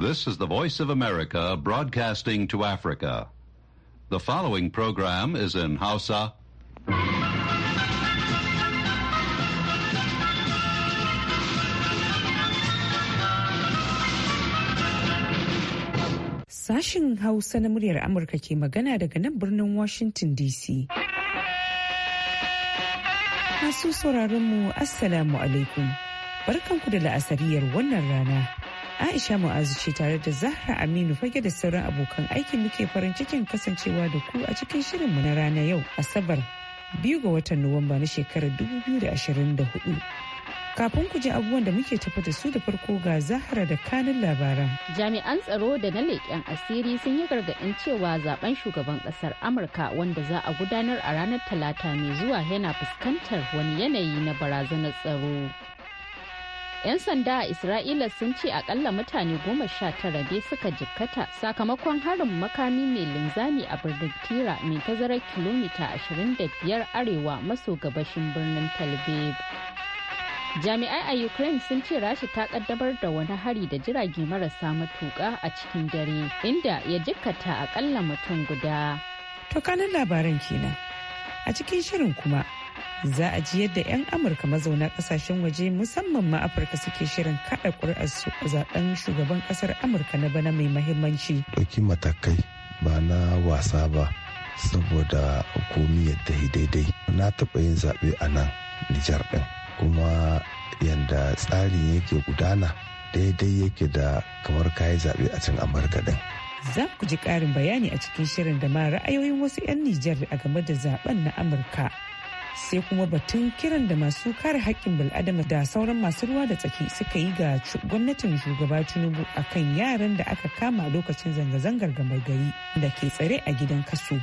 This is the Voice of America broadcasting to Africa. The following program is in Hausa. Sashin Hausa na muryar Amurka ke magana daga nan birnin Washington DC. Masu sauraronmu, Assalamu alaikum. Barkanku da la'asariyar wannan rana. Aisha Mu'azu ce tare da Zahra Aminu fage da sauran abokan aiki muke farin cikin kasancewa da ku a cikin shirin mu na rana yau Asabar biyu ga watan Nuwamba na shekarar 2024. Kafin ku ji abubuwan da muke tafi da su da farko ga Zahra da kanin labaran. Jami'an tsaro da na leƙen asiri sun yi gargaɗin cewa zaben shugaban ƙasar Amurka wanda za a gudanar a ranar Talata mai zuwa yana fuskantar wani yanayi na barazanar tsaro. 'Yan sanda a Isra'ila sun ce akalla mutane goma sha tara ne suka jikkata sakamakon harin makami mai linzami a birnin Tira mai tazarar kilomita 25 arewa maso gabashin birnin Tel Aviv. Jami'ai a Ukraine sun ce Rasha ta kaddamar da wani hari da jirage marasa matuƙa a cikin dare inda ya jikkata akalla mutum guda. To kanan labaran kenan. A cikin shirin kuma za a ji yadda 'yan amurka mazauna kasashen waje musamman ma afirka suke shirin kada ƙuri'arsu a zaben shugaban kasar amurka na bana mai mahimmanci ɗauki matakai ba na wasa ba saboda komi yadda daidai na taɓa yin zaɓe a nan nijar ɗin kuma yadda tsarin yake gudana daidai yake da kamar kayi zaɓe a can amurka ɗin za ku ji ƙarin bayani a cikin shirin da ma ra'ayoyin wasu 'yan nijar a game da zaben na amurka sai kuma batun kiran da masu kare haƙƙin bil'adama da sauran masu ruwa da tsaki suka yi ga gwamnatin shugaba tinubu kan yaran da aka kama lokacin zanga-zangar ga gari da ke tsare a gidan kasu.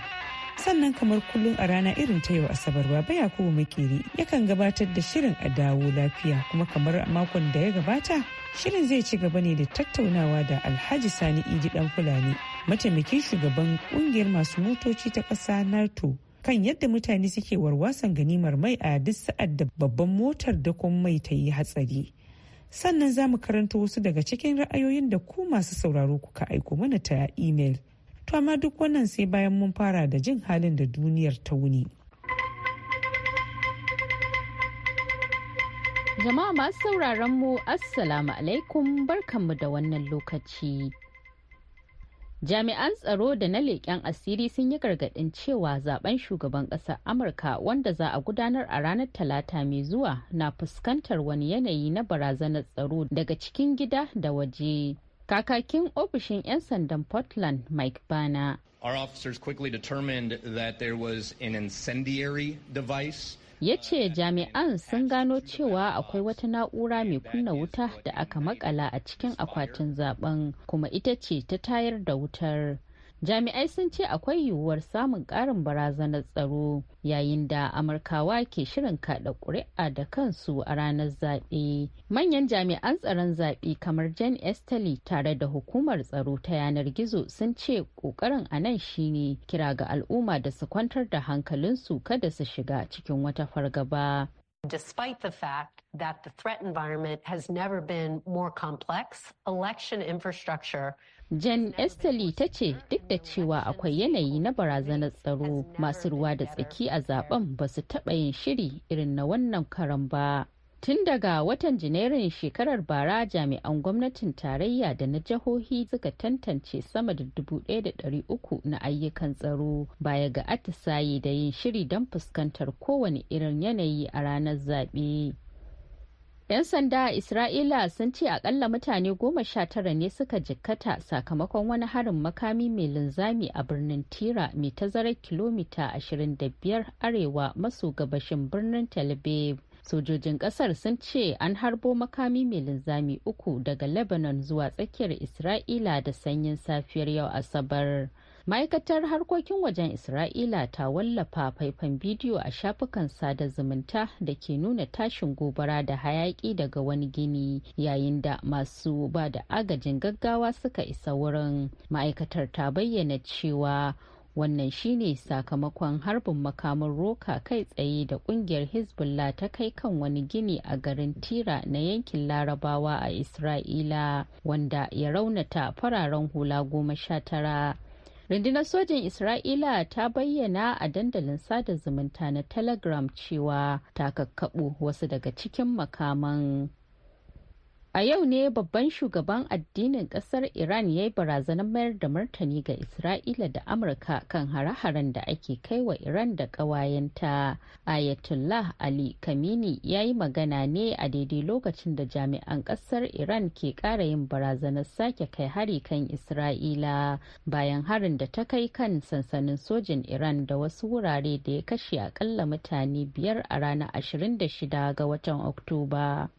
sannan kamar kullum a rana irin ta yau asabar baba yakubu makeri yakan gabatar da shirin a dawo lafiya kuma kamar makon da ya gabata shirin zai ci gaba ne da tattaunawa da alhaji sani idi dan fulani mataimakin shugaban kungiyar masu motoci ta ƙasa nato kan yadda mutane suke warwasan ganimar mai a duk sa'ad da babban motar da mai ta yi hatsari. Sannan za mu karanta wasu daga cikin ra'ayoyin da ku masu sauraro kuka aiko mana ta imel. To amma duk wannan sai bayan mun fara da jin halin da duniyar ta wuni. Jama'a masu sauraron mu Assalamu alaikum barkanmu da wannan lokaci. jami'an tsaro da na leƙen asiri sun yi gargaɗin cewa zaben shugaban ƙasar amurka wanda za a gudanar a ranar talata mai zuwa na fuskantar wani yanayi na barazanar tsaro daga cikin gida da waje kakakin ofishin 'yan sandan portland mike bana Our officers quickly determined that there was an incendiary device ya ce jami'an sun gano cewa akwai wata na'ura mai kunna wuta da aka makala a cikin akwatin zaben kuma ita ce ta tayar da wutar jami'ai sun ce akwai yiwuwar samun ƙarin barazanar tsaro yayin da amurkawa ke shirin kaɗa ƙuri'a da kansu a ranar zaɓe manyan jami'an tsaron zaɓe kamar jan esteli tare da hukumar tsaro ta yanar gizo sun ce ƙoƙarin a nan shine kira ga al'umma da su kwantar da hankalinsu kada su shiga cikin wata fargaba despite the fact that the threat environment has never been more complex, election infrastructure. Jen Esteli ta ce duk da cewa akwai yanayi na barazanar tsaro masu ruwa da tsaki a zaben ba su taɓa yin shiri irin na wannan karan ba. Tun daga watan Janairun shekarar bara jami'an gwamnatin tarayya da na jihohi suka tantance sama da 1,300 na ayyukan tsaro baya ga atisaye da yin shiri don fuskantar kowane irin yanayi a ranar zaɓe. 'Yan sanda a Isra'ila sun ce akalla mutane goma sha tara ne suka jikkata sakamakon wani harin makami mai linzami a birnin Tira mai tazarar kilomita 25 arewa maso gabashin birnin Tel Aviv. sojojin kasar sun ce an harbo makami mai linzami uku daga lebanon zuwa tsakiyar isra'ila da sanyin safiyar yau asabar ma'aikatar harkokin wajen isra'ila ta wallafa faifan bidiyo a shafukan sada zumunta da ke nuna tashin gobara da hayaki daga wani gini yayin da masu ba da agajin gaggawa suka isa wurin ma'aikatar ta bayyana cewa wannan shine sakamakon harbin makamin roka kai tsaye da kungiyar hezbollah ta kai kan wani gini a garin tira na yankin larabawa a isra'ila wanda ya raunata fararen hula goma sha tara rundunar sojin isra'ila ta bayyana a dandalin sada zumunta na telegram cewa ta kakkaɓo wasu daga cikin makaman A yau ne babban shugaban addinin kasar Iran ya yi barazanar mayar da martani ga Isra'ila da Amurka kan hare-haren da ake kai wa Iran da ƙawayenta. Ayatollah Ali Kamini ya yi magana ne a daidai lokacin da jami'an kasar Iran ke ƙara yin barazanar sake kai hari kan Isra'ila bayan harin da ta kai kan sansanin sojin Iran da wasu wurare da ya kashe akalla mutane biyar a ranar 26 ga watan Oktoba.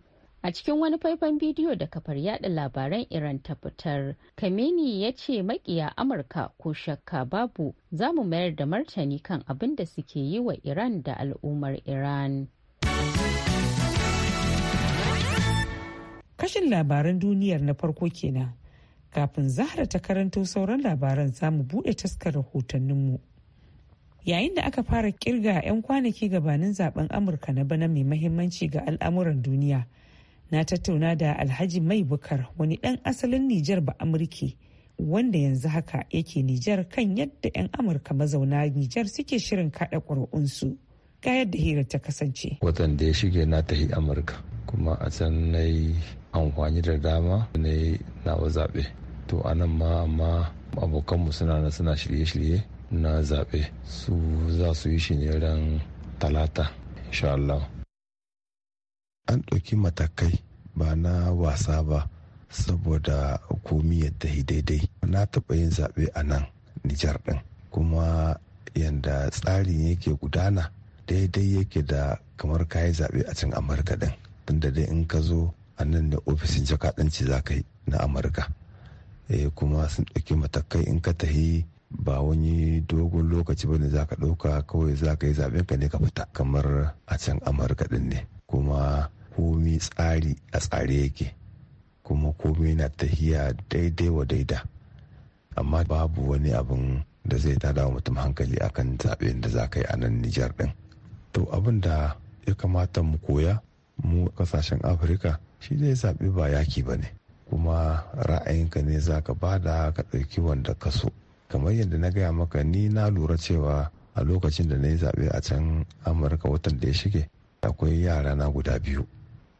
A cikin wani faifan bidiyo da kafar yada labaran Iran ta fitar, Kameni ya ce makiya Amurka ko shakka babu za mu mayar da martani kan abin da suke yi wa Iran da al'ummar Iran. Kashin labaran duniyar na farko kenan. Kafin Zahra ta karanto sauran labaran za mu buɗe taskar rahotanninmu. Yayin da aka fara kirga 'yan kwanaki gabanin zaben Amurka na bana mai mahimmanci ga al'amuran duniya. na tattauna da alhaji mai bukar wani ɗan asalin nijar ba amurki wanda yanzu haka yake nijar kan yadda 'yan amurka mazauna nijar suke shirin kada ƙuri'unsu ga yadda hira ta kasance watan da ya shige na tahi amurka kuma a can na yi amfani da dama na yi nawa zaɓe to a nan ma amma abokanmu suna na suna shirye-shirye na zaɓe su za su yi shi ne ran talata insha Allah an ɗauki matakai ba na wasa ba saboda komi ya tahi daidai na taɓa yin zaɓe a nan nijar ɗin kuma yadda tsarin yake gudana daidai yake da kamar kayi zaɓe a cin amurka ɗin tunda dai in ka zo a nan ne ofishin jakaɗanci za ka yi na amurka E, kuma sun ɗauki matakai in ka tahi ba wani dogon lokaci ba ne za ka ɗauka kawai za ka yi zaɓen ka ne ka fita kamar a can amurka ɗin ne kuma komi tsari a tsare yake kuma komi na tahiya daidai wa daida amma babu wani abin da zai tada wa mutum hankali akan zaɓen da za ka yi a nan nijar ɗin to abin da ya kamata mu koya mu kasashen afirka shi zai zaɓi ba yaki ba ne kuma ra'ayinka ne za ka bada ka ɗauki wanda ka so kamar yadda na gaya maka ni na lura cewa a lokacin da na yi zaɓe a can amurka watan da ya shige akwai yara na guda biyu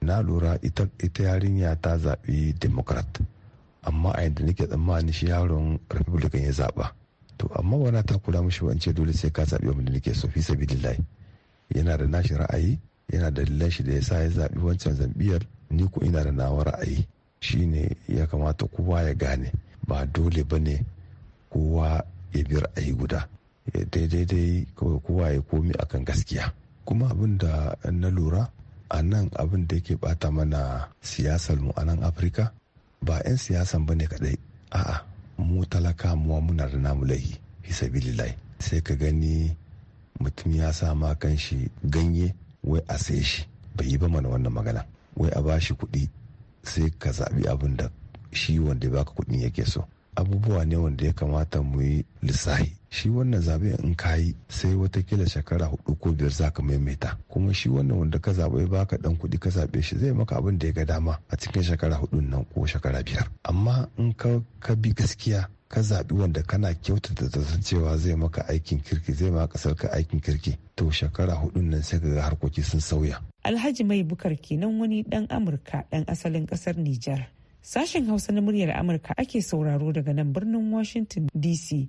na lura ita yarinya ta zaɓi democrat amma a yadda nake tsammani shi yaron republican ya zaɓa to amma wana ta kula mishi ba ce dole sai ka zaɓi wanda nake so fi sabilillahi yana da nashi ra'ayi yana da lallai shi da ya sa ya zaɓi wancan zambiyar ni ko ina da nawa ra'ayi Shi ne ya kamata kowa ya gane ba dole ba ne kowa ya bi ra'ayi guda daidai dai kowa ya komi akan gaskiya kuma abin da na lura a nan abin da yake bata mana siyasar mu a nan afirka ba 'yan siyasan ba ne kadai a'a mu talaka muwa muna da namu laihi hisabilillahi sai ka gani mutum ya sa ma kan shi ganye wai a sai shi bai yi ba mana wannan magana wai a bashi kuɗi sai ka zaɓi abin da shi wanda baka kuɗin yake so abubuwa ne wanda ya kamata mu yi lissahi shi wannan zaɓe in ka yi sai watakila shekara hudu ko biyar za ka maimaita kuma shi wannan wanda ka zabe ka dan kuɗi ka zaɓe shi zai maka abin da ya ga dama a cikin shekara hudun nan ko shekara biyar amma in ka bi gaskiya ka zaɓi wanda kana kyautata san cewa zai maka aikin kirki zai maka ƙasar ka aikin kirki to shekara hudun nan sai ka ga harkoki sun sauya. Alhaji Mai Bukar kenan wani ɗan Amurka ɗan asalin ƙasar Nijar Sashen Hausa na muryar Amurka ake sauraro daga nan birnin Washington DC.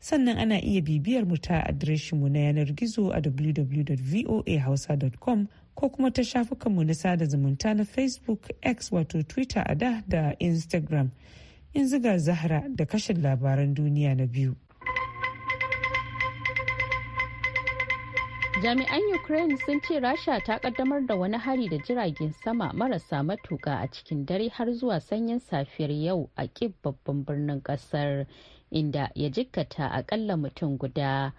Sannan ana iya bibiyar mu ta adireshinmu na yanar gizo a www.voahausa.com ko kuma ta shafukanmu na sada zumunta na Facebook, X wato Twitter a da da Instagram. in ziga Zahra da kashin labaran duniya na biyu. jami'an ukraine sun ce rasha ta kaddamar da wani hari da jiragen sama marasa matuka a cikin dare har zuwa sanyin safiyar yau a kib babban birnin kasar inda ya jikkata akalla mutum guda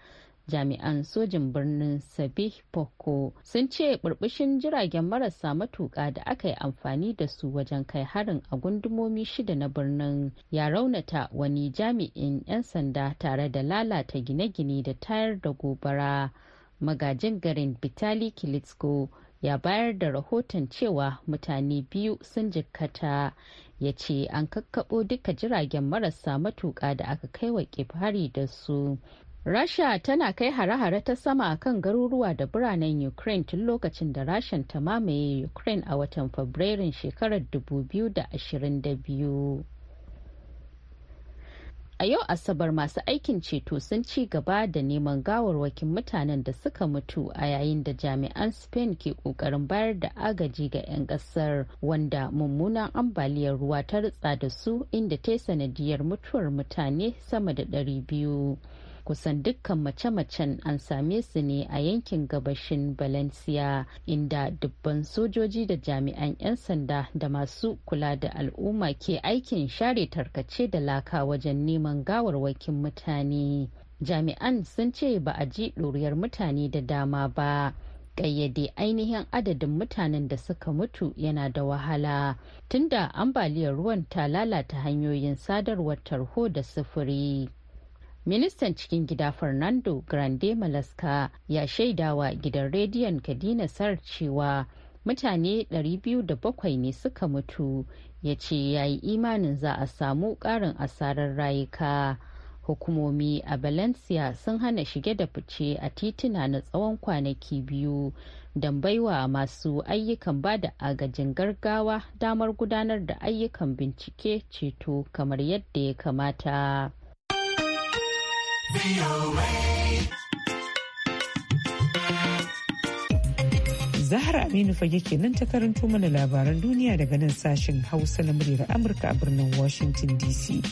jami'an sojin birnin sabih poko sun ce burbushin jiragen marasa matuka da aka yi amfani da su wajen kai harin a gundumomi shida na birnin ya raunata wani jami'in 'yan sanda tare da lalata gine-gine da tayar da gobara magajin garin vitali kilitsko ya bayar da rahoton cewa mutane biyu sun jikkata ya ce an kakkaɓo duka jiragen marasa matuƙa da aka kai wa hari da su rasha tana kai hare-hare ta sama kan garuruwa da biranen ukraine tun lokacin da rashan ta mamaye ukraine a watan fabrairun shekarar 2022 a yau asabar masu aikin ceto sun ci gaba da neman gawarwakin mutanen da suka mutu a yayin da jami'an spain ke kokarin bayar da agaji ga 'yan kasar wanda mummunan ambaliyar ruwa ta ritsa da su inda ta sanadiyar mutuwar mutane sama da 200 kusan dukkan mace-macen an same su ne a yankin gabashin valencia inda dubban sojoji da jami'an 'yan sanda da masu kula da al'umma ke aikin share tarkace da laka wajen neman gawarwakin mutane jami'an sun ce ba a ji ɗoriyar mutane da dama ba Ƙayyade ainihin adadin mutanen da suka mutu yana da wahala tunda ambaliyar ruwan ta lalata hanyoyin sadarwar tarho da sufuri ministan cikin gida fernando grande malaska ya shaidawa gidan rediyon kadina sar cewa mutane 207 ne suka mutu ya ce ya yi imanin za a samu ƙarin asarar rayuka hukumomi a valencia sun hana shige da fice a tituna na tsawon kwanaki biyu don baiwa masu ayyukan ba da agajin gargawa damar gudanar da ayyukan bincike ceto kamar yadda ya kamata Zahar Aminu fage kenan ta karanto mana labaran duniya daga nan sashen Hausa na muryar Amurka a birnin Washington DC.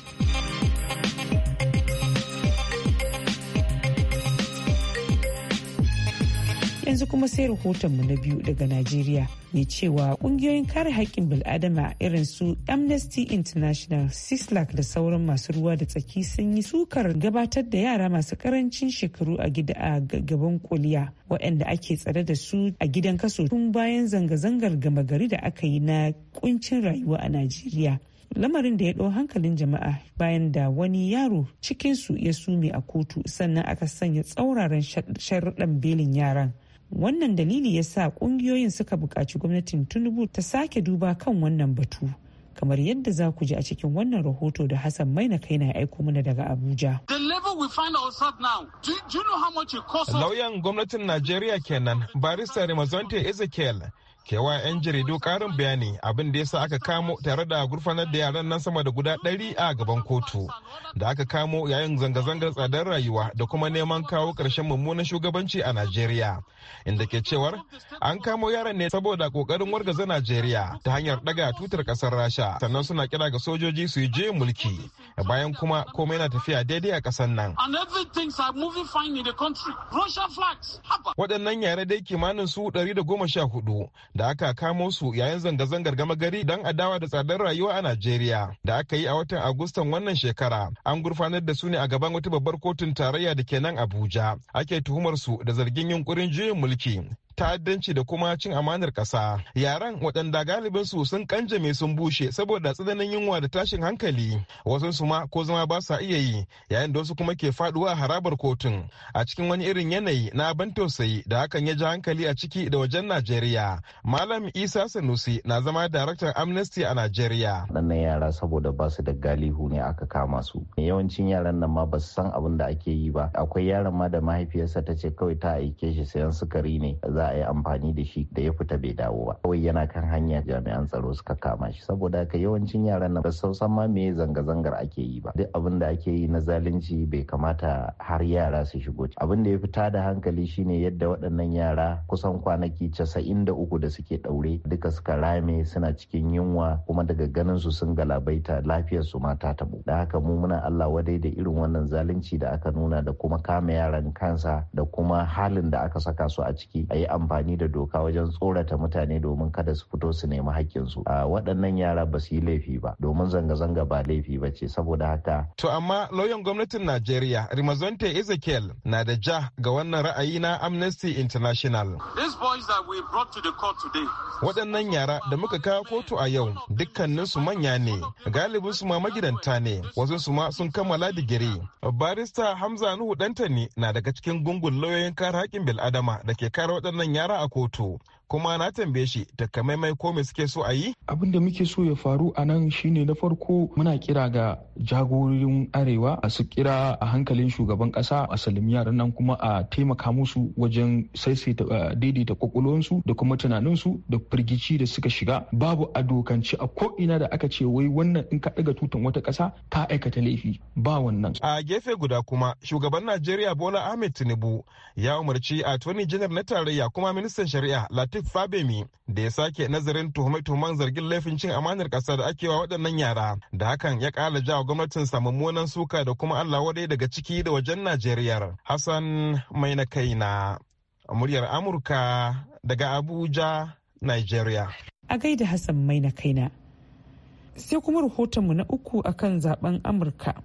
yanzu kuma sai rahotonmu na biyu daga Najeriya mai cewa kungiyoyin kare haƙƙin bil'adama irin su Amnesty International, Sislak da sauran masu ruwa da tsaki sun yi sukar gabatar da yara masu ƙarancin shekaru a gida a gaban kuliya waɗanda ake tsare da su a gidan kaso tun bayan zanga-zangar gama gari da aka yi na kuncin rayuwa a Najeriya. lamarin da ya ɗau hankalin jama'a bayan da wani yaro cikinsu ya sume a kotu sannan aka sanya tsauraran sharaɗan belin yaran wannan dalili ya sa kungiyoyin suka buƙaci gwamnatin tunubu ta sake duba kan wannan batu kamar yadda za ku ji a cikin wannan rahoto da Hassan na kai na aiko mana daga Abuja. Lauyan gwamnatin Najeriya kenan, barista Remazonte Ezekiel kewa 'yan jaridu karin bayani abin da yasa aka kamo tare da gurfanar da yaran nan sama da guda ɗari a gaban kotu da aka kamo yayin zanga-zangar tsadar rayuwa da kuma neman kawo karshen mummunan shugabanci a najeriya inda ke cewar an kamo yaran ne saboda kokarin wargaza najeriya ta hanyar ɗaga tutar kasar rasha sannan suna kira ga sojoji su yi je mulki bayan kuma komai na tafiya daidai a kasar nan waɗannan yare dai kimanin su 114 da aka kamo su yayin zanga-zangar gama gari don adawa da tsadar rayuwa a Najeriya da aka yi a watan Agustan wannan shekara. An gurfanar da su ne a gaban wata babbar kotun tarayya da ke nan Abuja. Ake tuhumar su da zargin yunkurin juyin mulki ta'addanci da kuma cin amanar ƙasa yaran waɗanda galibin su sun kanjame sun bushe saboda tsananin yunwa da tashin hankali wasu su ma ko zama ba sa iya yi yayin da wasu kuma ke faɗuwa a harabar kotun a cikin wani irin yanayi na ban tausayi da hakan ya ja hankali a ciki da wajen Najeriya malam Isa Sanusi na zama daraktan Amnesty a Najeriya waɗannan yara saboda ba su da galihu ne aka kama su yawancin yaran nan ma ba su san abin da ake yi ba akwai yaran ma da mahaifiyarsa ta ce kawai ta aike shi sayan sukari ne za a yi amfani da shi da ya fita bai dawo ba kawai yana kan hanya jami'an tsaro suka kama shi saboda haka yawancin yaran nan ba sausan ma me zanga-zangar ake yi ba duk abin da ake yi na zalunci bai kamata har yara su shigo abin da ya fita da hankali shine yadda waɗannan yara kusan kwanaki casa'in da uku da suke ɗaure duka suka rame suna cikin yunwa kuma daga ganin su sun galabaita lafiyar su ma ta tabo da haka mu muna Allah wadai da irin wannan zalunci da aka nuna da kuma kama yaran kansa da kuma halin da aka saka su a ciki a yi amfani da doka wajen tsorata mutane domin kada su fito su nemi haƙƙinsu a waɗannan yara ba su yi laifi ba domin zanga-zanga ba laifi ba ce saboda haka. to amma lauyan gwamnatin najeriya rimazonte ezekiel na da ja ga wannan ra'ayi na amnesty international. waɗannan yara da muka kawo kotu a yau dukkaninsu manya ne galibin su ma magidanta ne wasu su ma sun kammala digiri barista hamza nuhu ne na daga cikin gungun lauyoyin kare haƙƙin bil'adama da ke kare waɗannan wannan yara a kotu kuma na tambaye shi takamaimai ko me suke so a yi abin da muke so ya faru a nan shine na farko muna kira ga jagororin arewa a su kira a hankalin shugaban kasa a salimi yaran nan kuma a taimaka musu wajen saisaita eh, daidaita kwakwalwansu da kuma tunaninsu da firgici da suka shiga babu a dokance a ko ina da aka ce wai wannan in ka daga tutan wata kasa ka aikata laifi ba wannan a gefe guda kuma shugaban najeriya bola ahmed tinubu ya umarci a attorney general na tarayya kuma ministan shari'a latin Latif Fabemi da ya sake nazarin tuhume-tuhumen zargin laifin cin amanar kasa da ake wa waɗannan yara da hakan ya ƙara jawa gwamnatin mummunan suka da kuma Allah wadai daga ciki da wajen Najeriya. Hassan mai na kaina muryar Amurka daga Abuja, Nigeria. A gaida Hassan mai na kaina. Sai kuma rahotonmu na uku akan zaben Amurka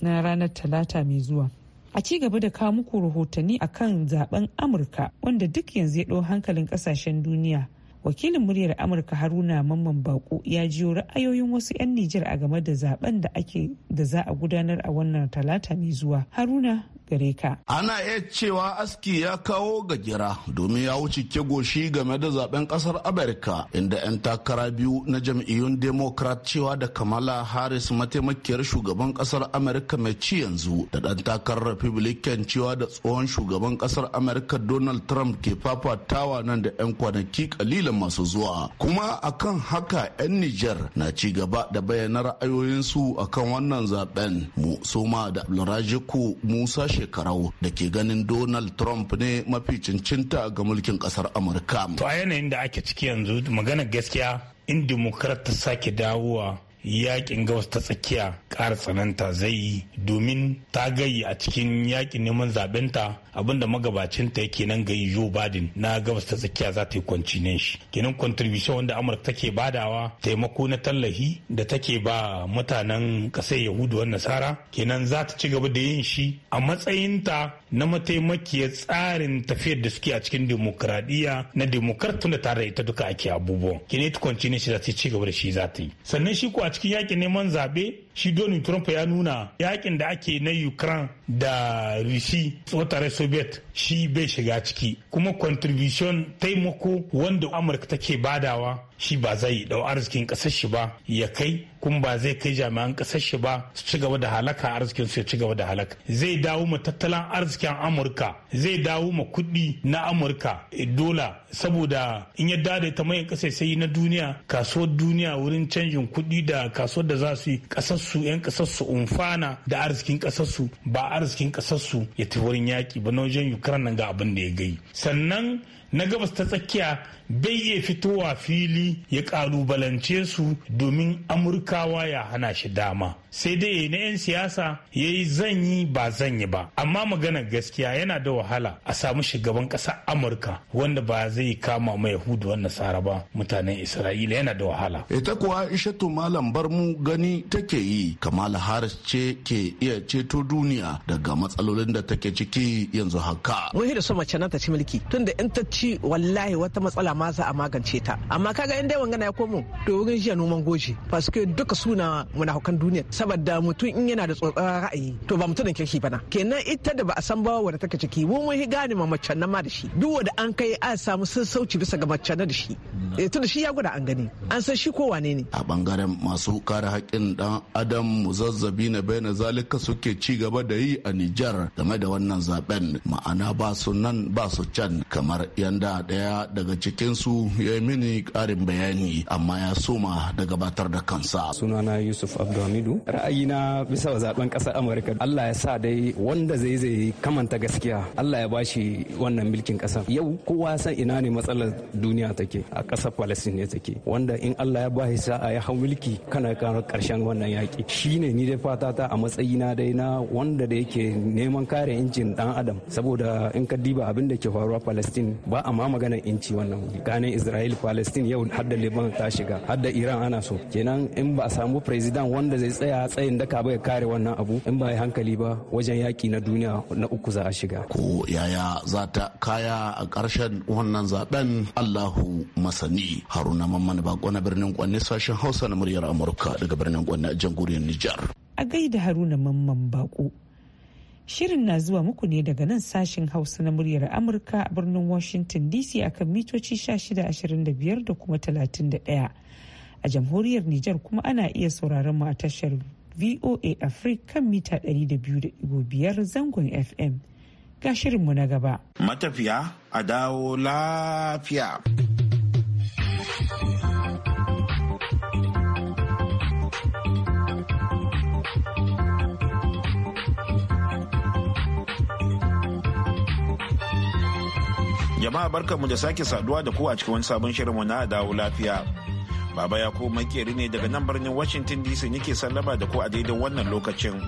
na ranar Talata mai zuwa. a ci gaba da kawo muku rahotanni a kan zaben amurka wanda duk yanzu ya ɗau hankalin ƙasashen duniya wakilin muryar amurka haruna mamman bako ya jiyo ra'ayoyin wasu 'yan nijar a game da zaben da ake da za a gudanar a wannan talata mai zuwa haruna gare ka. Ana iya cewa aski ya kawo gajera domin ya wuce ke goshi game da zaben kasar Amerika inda 'yan takara biyu na jam'iyyun Democrat cewa da Kamala Harris mataimakiyar shugaban kasar Amerika mai ci yanzu da ɗan takarar Republican cewa da tsohon shugaban kasar Amerika Donald Trump ke fafatawa nan da 'yan kwanaki kalilan masu zuwa. Kuma akan haka 'yan niger na ci gaba da bayyana ra'ayoyinsu akan wannan zaben. Mu Soma da Abdulrajiku Musa shekarau da ke ganin donald trump ne mafi cincinta ga mulkin kasar amurka to a yanayin da ake ciki yanzu maganar gaskiya in demokrat ta sake dawowa yakin gawas ta tsakiya ƙara tsananta zai yi domin ta gayi a cikin yakin neman zaɓenta abinda magabacinta yake nan gayi Joe Biden na gabas ta tsakiya za ta yi ne shi kenan contribution wanda Amurka take badawa taimako na tallahi da take ba mutanen ƙasar Yahudu wa Nasara kenan za ta ci gaba da yin shi a matsayinta na mataimakiyar tsarin tafiyar da suke a cikin demokradiyya na demokrat tunda tare da ita duka ake abubuwan kenan ita ne shi za ta ci gaba da shi za ta yi sannan shi ko a cikin yakin neman zaɓe shi donald trump ya nuna yakin da ake na ukraine da rishi tsotare soviet shi bai shiga ciki kuma contribution taimako wanda amurka take badawa shi ba zai dau arzikin kasar shi ba ya kai kuma ba zai kai jami'an kasar shi ba su ci gaba da halaka arzikin su ya ci gaba da halaka zai dawo ma tattalin arzikin amurka zai dawo ma kuɗi na amurka eh, dola saboda in ya da ta mayan kasai sai na duniya kasuwar duniya wurin canjin kuɗi da kasuwar da za su yi kasar su 'yan kasar su umfana da arzikin kasar su ba arzikin kasar su ya tafi wurin yaƙi ba na wajen ukraine nan ga abin da ya gai sannan na gabas ta tsakiya bai iya fitowa fili ya kalubalance su domin amurkawa ya hana shi dama sai dai na 'yan siyasa ya yi zanyi ba zanyi ba amma magana gaskiya yana da wahala a samu shugaban ƙasar amurka wanda ba zai kama ma yahudu wannan nasara ba mutanen isra'ila yana da wahala ita kuwa ishatu malam bar mu gani take yi kamala harris ce ke iya ceto duniya daga matsalolin da take ciki yanzu haka wai da sama mace na ta ci mulki tunda in ta ci shi wallahi wata matsala ma za a magance ta amma kaga in dai wangana ya komo to wurin jiya noman goji paske duka suna munafukan duniya saboda mutum in yana da tsotsar ra'ayi to ba mutum da kirki bana kenan ita da ba a san ba wadda take ciki mu mun hi gane ma macen ma da shi duk wanda an kai a samu sassauci bisa ga macen da shi mm. eh tunda shi ya gwada an gani an san shi ko wane ne a bangaren masu kare haƙƙin dan adam muzazzabi na bayan zalika suke ci gaba da yi a Nijar game da wannan zaben ma'ana ba su nan ba su can kamar yan wanda daya daga cikinsu ya yi mini karin bayani amma ya soma da gabatar da kansa sunana yusuf abdulhamidu na bisa wa zaben kasar amurka allah ya sa dai wanda zai zai kamanta gaskiya allah ya bashi wannan milkin kasar yau kowa san ina ne matsalar duniya take a kasar palestine ne take wanda in allah ya bashi sa'a ya hau mulki kana karo karshen wannan yaki shine ni dai fata ta a matsayina dai na wanda da yake neman kare injin dan adam saboda in ka diba abin da ke faruwa palestine ba amma maganar inci wannan tsakanin Israel Palestine yau har da liban ta shiga har da Iran ana so kenan in ba a samu president wanda zai tsaya tsayin daka ba ya kare wannan abu in ba ya hankali ba wajen yaki na duniya na uku za a shiga ko yaya za ta kaya a ƙarshen wannan zaben Allahu masani Haruna Mamman Bako na birnin Kwanne sashen Hausa na muryar Amurka daga birnin Kwanne a jamhuriyar Nijar a gaida Haruna Mamman Bako Shirin na zuwa muku ne daga nan sashin Hausa na muryar Amurka a birnin Washington DC akan mitoci 1625 da kuma 31. A jamhuriyar Nijar kuma ana iya sauraron mu a tashar VOA Africa kan mita 200.5 zangon FM. Ga shirinmu na gaba. Matafiya a dawo lafiya. Jama'a mu da sake saduwa da ku a cikin wani sabon shirinmu na dawo lafiya. Baba ya ko makeri ne daga nan birnin Washington DC nake sallaba da ku a daidai wannan lokacin.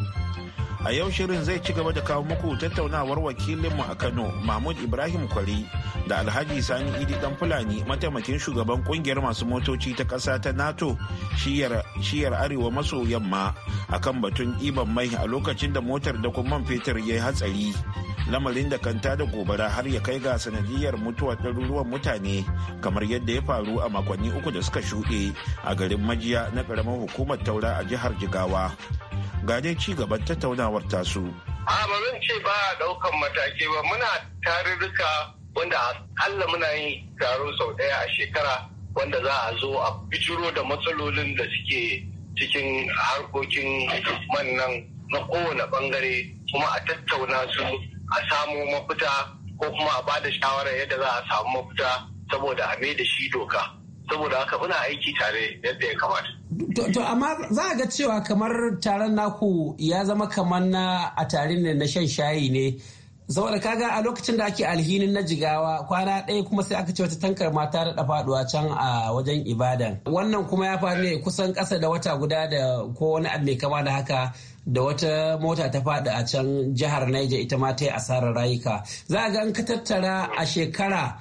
A yau shirin zai ci gaba da kawo muku tattaunawar wakilinmu a Kano Mahmud Ibrahim Kwari da Alhaji Sani Idi Dan Fulani mataimakin shugaban kungiyar masu motoci ta kasa ta NATO shiyar arewa maso yamma akan batun ɗiban mai a lokacin da motar da man fetur ya yi hatsari. lamarin da kanta da gobara har ya kai ga sanadiyar mutuwar ɗaruruwan mutane kamar yadda ya faru a makonni uku da suka shuɗe a garin majiya na ƙaramin hukumar taura a jihar jigawa ga ci gaban tattaunawar tasu. a ba zan ce ba ɗaukan matakai ba muna tarurruka wanda Allah muna yin taro sau ɗaya a shekara wanda za a zo a bijiro da matsalolin da suke cikin harkokin man na kowane bangare kuma a tattauna su a samu mafita ko kuma a bada shawara yadda za a samu mafita saboda a mai da shi doka saboda haka muna aiki tare yadda ya kamata. To amma za a ga cewa kamar taron naku ya zama kamar na a tarin ne na shan shayi ne saboda kaga a lokacin da ake alhinin na jigawa kwana ɗaya kuma sai aka ce wata tankar mata da faɗuwa can a wajen ibadan wannan kuma ya faru ne kusan ƙasa da wata guda da ko wani abu mai kama da haka da wata mota ta faɗi a can jihar Niger ita ma ta yi asarar rayuka. Za ga an ka tattara a shekara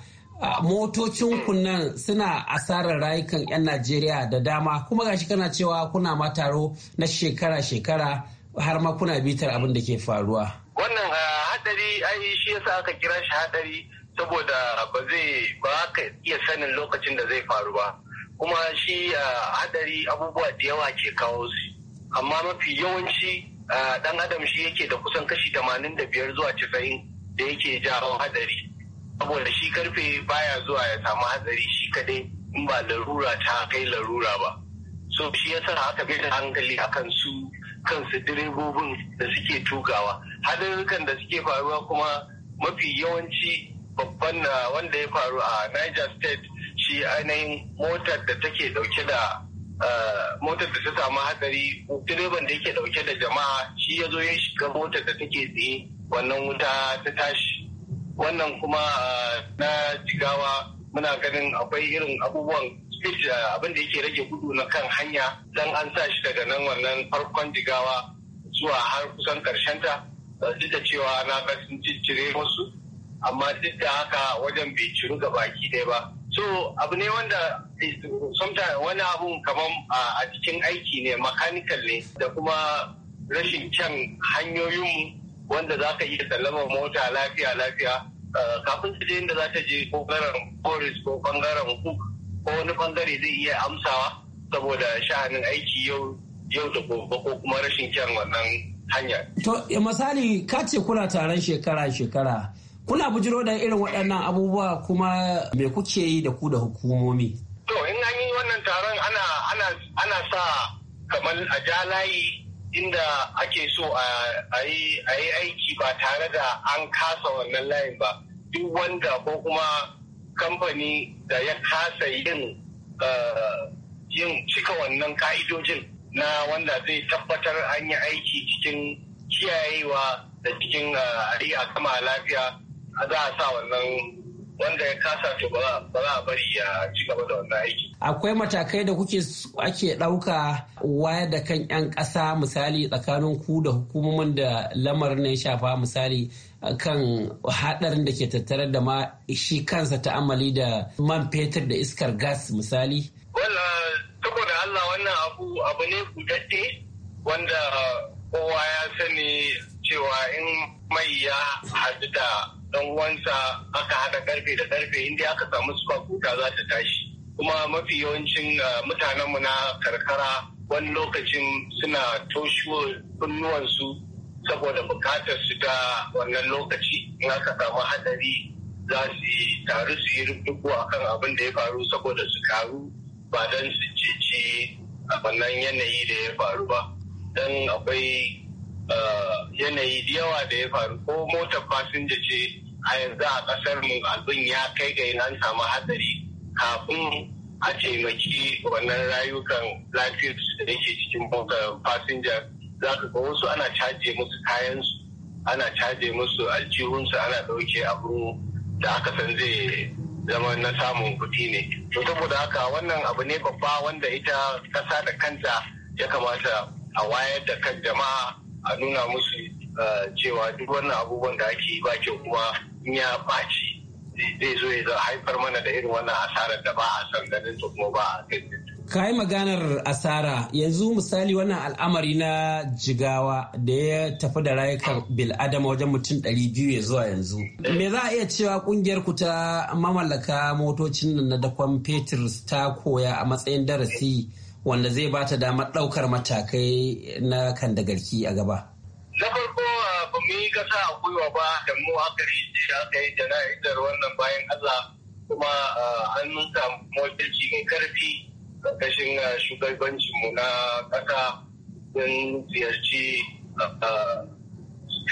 motocin kunnan suna asarar rayukan 'yan Najeriya da dama kuma gashi kana cewa kuna ma taro na shekara-shekara har ma kuna bitar abin da ke faruwa. Wannan hadari ai shi yasa aka kira shi hadari saboda ba zai ba ka iya sanin lokacin da zai faru ba. Kuma shi hadari abubuwa da yawa ke kawo su. amma mafi yawanci dan adam shi yake da kusan kashi tamanin da biyar zuwa casa'in da yake jawo hadari saboda shi karfe baya zuwa ya samu hadari shi kadai in ba larura ta kai larura ba so shi yasa aka bi da hankali akan su kansu direbobin da suke tukawa hadarukan da suke faruwa kuma mafi yawanci babban wanda ya faru a niger state shi ainihin motar da take dauke da Eh, motar da ta samu hatsari direban da yake dauke da jama'a shi ya zo ya shiga motar da take tsaye wannan wuta ta tashi wannan kuma eh, na jigawa muna ganin akwai irin abubuwan eh, abin da yake rage gudu na kan hanya dan an sa shi daga nan wannan farkon jigawa zuwa har kusan karshen ta duk da cewa na ga ciccire wasu amma duk da haka wajen bai ciru ga baki ɗaya ba so abu ne wanda sometimes wani abu kamar a cikin aiki ne mechanical ne da kuma rashin can hanyoyin wanda za ka iya sallama mota lafiya lafiya kafin su je inda za ta je ko garan forest ko bangaren cook ko wani bangare zai iya amsawa saboda sha'anin aiki yau yau da gobe ko kuma rashin can wannan hanyar. to misali ka ce kuna taron shekara shekara kuna bujiro da irin waɗannan abubuwa kuma me kuke yi da ku da hukumomi to in an yi wannan taron ana ana ana sa kamar a ja layi inda ake so a yi aiki ba tare da an kasa wannan layin ba duk wanda ko kuma kamfani da ya kasa yin eh, yin cika wannan ka'idojin na wanda zai tabbatar an yi aiki cikin kiyayewa da cikin eh, a kama lafiya za a sa wannan wanda ya kasa to ba za a bari ya ci gaba da wannan aiki. Akwai matakai da kuke ake ɗauka wayar da kan 'yan ƙasa misali tsakanin ku da hukumomin da lamarin ya shafa misali kan haɗarin da ke tattare da ma shi kansa ta'amali da man fetur da iskar gas misali. Wala saboda Allah wannan abu abu ne budadde wanda kowa ya sani cewa in mai ya haɗu da dan uwansa aka haɗa karfe da karfe inda aka samu suka kuta za ta tashi kuma mafi yawancin eh, mutanenmu na karkara wani lokacin suna toshiwo kunnuwansu saboda bukatar su ta wannan lokaci in aka samu hadari za su yi taru su yi rubutu akan abin da ya faru saboda su karu ba dan su ceci a wannan yanayi da ya faru ba don akwai Eh, yanayi da yawa da ya faru ko motar fasinja ce a yanzu a kasar mu abin ya kai ga an samu hatsari kafin a taimaki wannan rayukan lafiyar da yake cikin motar fasinja za ka ga wasu ana caje musu kayansu ana caje musu aljihunsu ana ɗauke abu da aka san zai zama na samun kuɗi ne to saboda haka wannan abu ne babba wanda ita kasa da kanta ya kamata a wayar da kan jama'a a nuna musu eh, cewa duk wannan abubuwan da ake yi ba kyau kuma in ya ɓaci zai zo ya haifar mana da irin wannan asarar da ba a san ganin ta kuma ba a ka yi maganar asara yanzu misali wannan al'amari na jigawa da ya tafi da rayukan bil'adama wajen mutum 200 ya zuwa yanzu me za a iya cewa kungiyar ku ta mamallaka motocin nan na dakon fetur ta koya a matsayin darasi wanda zai ba ta damar ɗaukar matakai na kan da garki a gaba. Na farko ah, ba mu yi kasa a gwiwa ba da mu akari ce da aka yi jana'izar wannan bayan Allah kuma ah, an samu wakilci mai karfi ƙarƙashin ah, shugabancinmu na ƙasa don ziyarci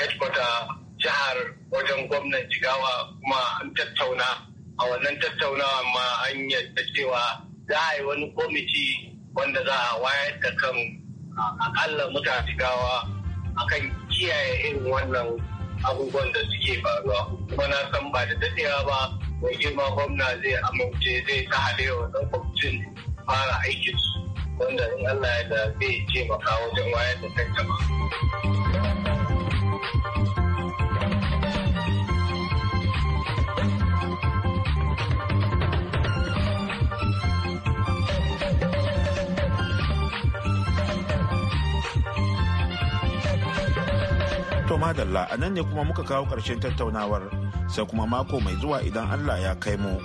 headquarter jihar wajen gwamnan jigawa kuma an tattauna a wannan tattaunawa ma an yadda cewa za a yi wani kwamiti wanda za a wayar da kan akalla mutane gawa akan kiyaye irin wannan abubuwan da suke faruwa kuma na san ba da dadewa ba mai girma gwamna zai amince zai ta halewa wannan kwamitin fara su. wanda in allah ya da zai taimaka wajen wayar da kan jama'a dalla a nan ne kuma muka kawo ƙarshen tattaunawar sai kuma mako mai zuwa idan allah ya kai mu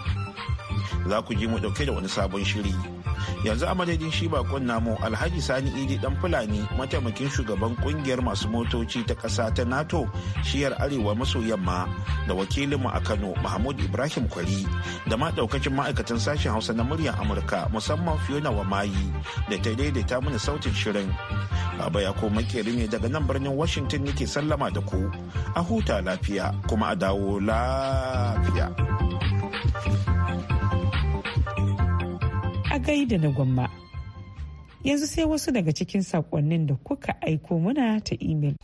za ku ji mu ɗauke da wani sabon shiri. yanzu a madadin shi bakon namu alhaji sani idi dan fulani mataimakin shugaban kungiyar masu motoci ta ƙasa ta nato shiyar arewa maso yamma da wakilinmu a kano mahmud ibrahim kwari da ma daukacin ma'aikatan sashen hausa na muryar amurka musamman fiona wa mayi da ta daidaita mana sautin shirin baba ya koma ne daga nan birnin washington yake sallama da ku a huta lafiya kuma a dawo lafiya. a da na gwamma. Yanzu sai wasu daga cikin saƙonnin da kuka aiko muna ta imel.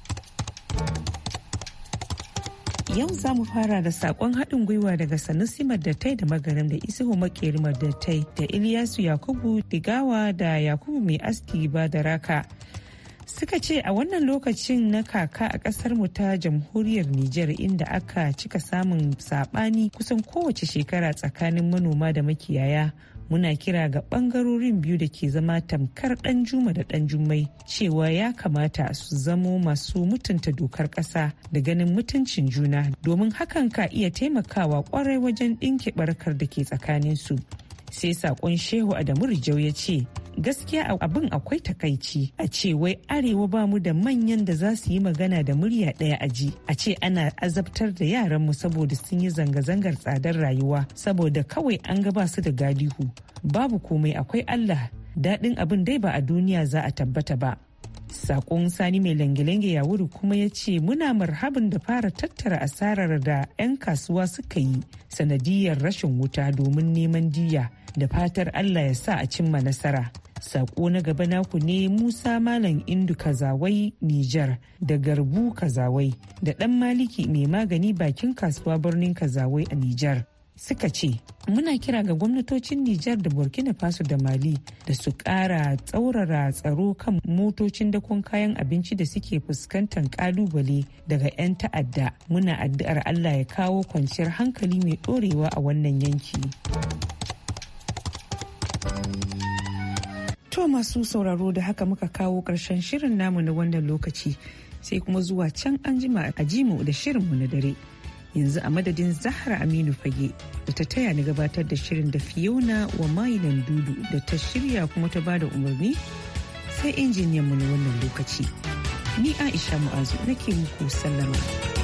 Yau za mu fara da saƙon haɗin gwiwa daga Sanusi Maddatai da Magarin da Isihu Makeri Maddatai da Iliyasu Yakubu Digawa da Yakubu Mai Aski ba da Raka. Suka ce a wannan lokacin na kaka a ƙasar mu ta jamhuriyar Nijar inda aka cika samun saɓani kusan kowace shekara tsakanin manoma da makiyaya muna kira ga bangarorin biyu da ke zama tamkar dan juma da dan jummai cewa ya kamata su zamo masu mutunta dokar kasa da ganin mutuncin juna domin hakan ka iya taimakawa kwarai wajen ɗinke barkar da ke tsakanin su. sai sakon shehu adamu rijau ya ce gaskiya abin akwai takaici a ce wai arewa ba mu da manyan da za su yi magana da murya ɗaya a ji a ce ana azabtar da yaranmu saboda sun yi zanga-zangar tsadar rayuwa saboda kawai an ga ba su da galihu babu komai akwai allah daɗin abin dai ba a duniya za a tabbata ba sakon sani mai langilange ya wuri kuma ya ce muna marhabin da fara tattara asarar da 'yan kasuwa suka yi sanadiyar rashin wuta domin neman diya da fatar Allah ya sa a cimma nasara. Sako na gaba naku ne Musa Malam Indu Kazawai Nijar da Garbu Kazawai da ɗan Maliki mai magani bakin kasuwa birnin Kazawai a Nijar. Suka ce, muna kira ga gwamnatocin Nijar da Burkina Faso da Mali da su ƙara tsaurara tsaro kan motocin dakon kayan abinci da suke fuskantar ƙalubale daga 'yan ta'adda. Muna addu'ar Allah ya kawo kwanciyar hankali mai ɗorewa a wannan yanki. To masu sauraro da haka muka kawo ƙarshen shirin namu na wannan lokaci sai kuma zuwa can an jima a jimu da shirinmu na dare. Yanzu a madadin Zahra Aminu Fage da ta taya ni gabatar da shirin da Fiona wa Mailan Dudu da ta shirya kuma ta bada umarni sai injiniyanmu na wannan lokaci. Ni Aisha Mu'azu nake muku sallama.